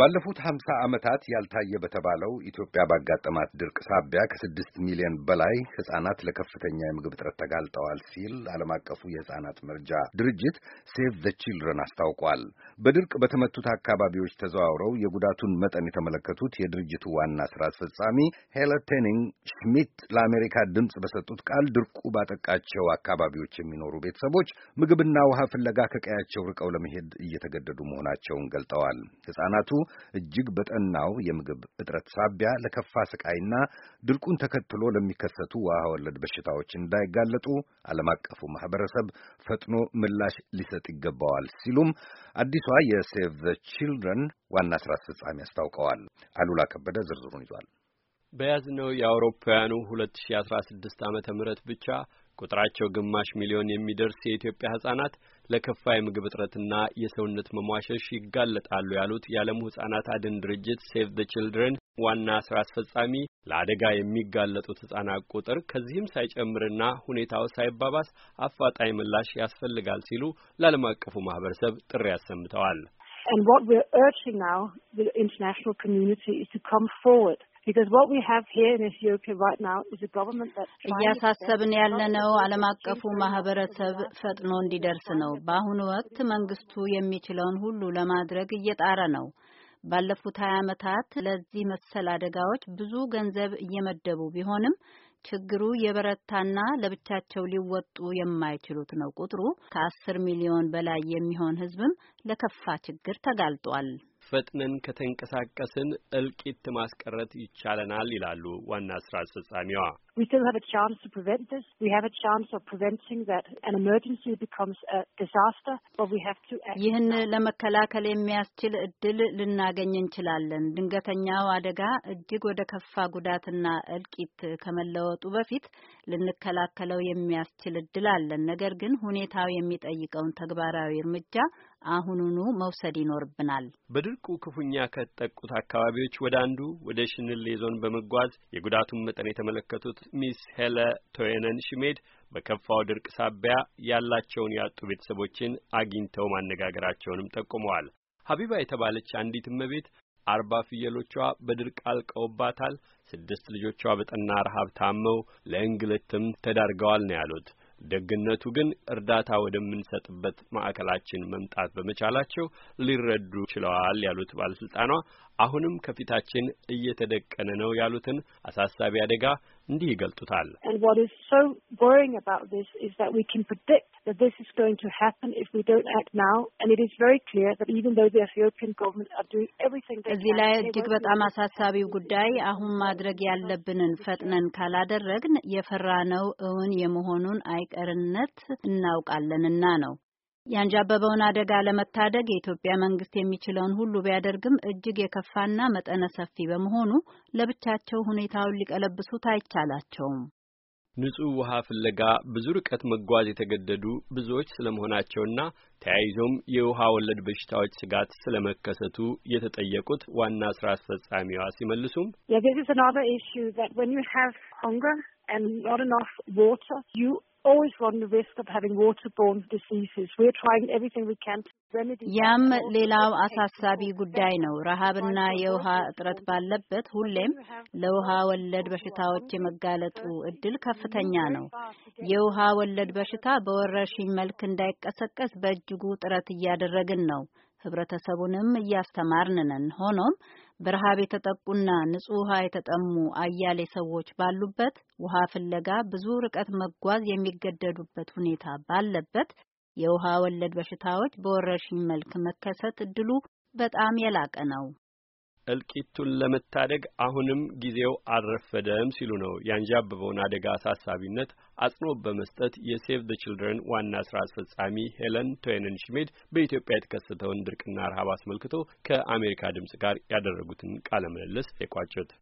ባለፉት ሀምሳ ዓመታት ያልታየ በተባለው ኢትዮጵያ ባጋጠማት ድርቅ ሳቢያ ከስድስት ሚሊዮን በላይ ሕፃናት ለከፍተኛ የምግብ እጥረት ተጋልጠዋል ሲል ዓለም አቀፉ የሕፃናት መርጃ ድርጅት ሴቭ ዘ ቺልድረን አስታውቋል። በድርቅ በተመቱት አካባቢዎች ተዘዋውረው የጉዳቱን መጠን የተመለከቱት የድርጅቱ ዋና ሥራ አስፈጻሚ ሄለቴኒንግ ሽሚት ለአሜሪካ ድምፅ በሰጡት ቃል ድርቁ ባጠቃቸው አካባቢዎች የሚኖሩ ቤተሰቦች ምግብና ውሃ ፍለጋ ከቀያቸው ርቀው ለመሄድ እየተገደዱ መሆናቸውን ገልጠዋል። ሕፃናቱ እጅግ በጠናው የምግብ እጥረት ሳቢያ ለከፋ ስቃይና ድርቁን ተከትሎ ለሚከሰቱ ውሃ ወለድ በሽታዎች እንዳይጋለጡ ዓለም አቀፉ ማህበረሰብ ፈጥኖ ምላሽ ሊሰጥ ይገባዋል ሲሉም አዲሷ የሴቭ ዘ ቺልድረን ዋና ስራ አስፈጻሚ አስታውቀዋል። አሉላ ከበደ ዝርዝሩን ይዟል። በያዝነው የአውሮፓውያኑ 2016 ዓ ም ብቻ ቁጥራቸው ግማሽ ሚሊዮን የሚደርስ የኢትዮጵያ ህጻናት ለከፋ የምግብ እጥረትና የሰውነት መሟሸሽ ይጋለጣሉ ያሉት የዓለሙ ሕጻናት አድን ድርጅት ሴቭ ዘ ችልድረን ዋና ስራ አስፈጻሚ ለአደጋ የሚጋለጡት ሕጻናት ቁጥር ከዚህም ሳይጨምርና ሁኔታው ሳይባባስ አፋጣኝ ምላሽ ያስፈልጋል ሲሉ ለዓለም አቀፉ ማህበረሰብ ጥሪ አሰምተዋል። And what we're urging now the international community is to come forward እያሳሰብን ያለነው ዓለም አቀፉ ማህበረሰብ ፈጥኖ እንዲደርስ ነው። በአሁኑ ወቅት መንግስቱ የሚችለውን ሁሉ ለማድረግ እየጣረ ነው። ባለፉት ሀያ ዓመታት ለዚህ መሰል አደጋዎች ብዙ ገንዘብ እየመደቡ ቢሆንም ችግሩ የበረታና ለብቻቸው ሊወጡ የማይችሉት ነው። ቁጥሩ ከአስር ሚሊዮን በላይ የሚሆን ህዝብም ለከፋ ችግር ተጋልጧል። ፈጥነን ከተንቀሳቀስን እልቂት ማስቀረት ይቻለናል ይላሉ ዋና ስራ አስፈጻሚዋ። We still have a chance to prevent this. We have a chance of preventing that an emergency becomes a disaster, but we have to act. ይህን ለመከላከል የሚያስችል እድል ልናገኝ እንችላለን። ድንገተኛው አደጋ እጅግ ወደ ከፋ ጉዳትና እልቂት ከመለወጡ በፊት ልንከላከለው የሚያስችል እድል አለን። ነገር ግን ሁኔታው የሚጠይቀውን ተግባራዊ እርምጃ አሁኑኑ መውሰድ ይኖርብናል። በድርቁ ክፉኛ ከተጠቁት አካባቢዎች ወደ አንዱ ወደ ሽንሌ ዞን በመጓዝ የጉዳቱን መጠን የተመለከቱት ሚስ ሄለ ቶየነን ሽሜድ በከፋው ድርቅ ሳቢያ ያላቸውን ያጡ ቤተሰቦችን አግኝተው ማነጋገራቸውንም ጠቁመዋል። ሀቢባ የተባለች አንዲት እመቤት አርባ ፍየሎቿ በድርቅ አልቀውባታል፣ ስድስት ልጆቿ በጠና ረሃብ ታመው ለእንግልትም ተዳርገዋል ነው ያሉት። ደግነቱ ግን እርዳታ ወደምንሰጥበት ማዕከላችን መምጣት በመቻላቸው ሊረዱ ችለዋል ያሉት ባለስልጣኗ አሁንም ከፊታችን እየተደቀነ ነው ያሉትን አሳሳቢ አደጋ እንዲህ ይገልጡታል። እዚህ ላይ እጅግ በጣም አሳሳቢው ጉዳይ አሁን ማድረግ ያለብንን ፈጥነን ካላደረግን የፈራነው እውን የመሆኑን አይቀርነት እናውቃለንና ነው። ያንዣበበውን አደጋ ለመታደግ የኢትዮጵያ መንግስት የሚችለውን ሁሉ ቢያደርግም እጅግ የከፋና መጠነ ሰፊ በመሆኑ ለብቻቸው ሁኔታውን ሊቀለብሱት አይቻላቸውም። ንጹህ ውሃ ፍለጋ ብዙ ርቀት መጓዝ የተገደዱ ብዙዎች ስለመሆናቸውና ተያይዞም የውሃ ወለድ በሽታዎች ስጋት ስለመከሰቱ የተጠየቁት ዋና ስራ አስፈጻሚዋ ሲመልሱም ያም ሌላው አሳሳቢ ጉዳይ ነው። ረሃብና የውሃ እጥረት ባለበት ሁሌም ለውሃ ወለድ በሽታዎች የመጋለጡ እድል ከፍተኛ ነው። የውሃ ወለድ በሽታ በወረርሽኝ መልክ እንዳይቀሰቀስ በእጅጉ ጥረት እያደረግን ነው። ህብረተሰቡንም እያስተማርን ነን። ሆኖም በረሃብ የተጠቁና ንጹህ ውሃ የተጠሙ አያሌ ሰዎች ባሉበት ውሃ ፍለጋ ብዙ ርቀት መጓዝ የሚገደዱበት ሁኔታ ባለበት የውሃ ወለድ በሽታዎች በወረርሽኝ መልክ መከሰት እድሉ በጣም የላቀ ነው። እልቂቱን ለመታደግ አሁንም ጊዜው አልረፈደም ሲሉ ነው ያንዣበበውን አደጋ አሳሳቢነት አጽንኦት በመስጠት የሴቭ ዘ ችልድረን ዋና ስራ አስፈጻሚ ሄለን ቶይነን ሽሜድ በኢትዮጵያ የተከሰተውን ድርቅና ረሃብ አስመልክቶ ከአሜሪካ ድምጽ ጋር ያደረጉትን ቃለ ምልልስ የቋጩት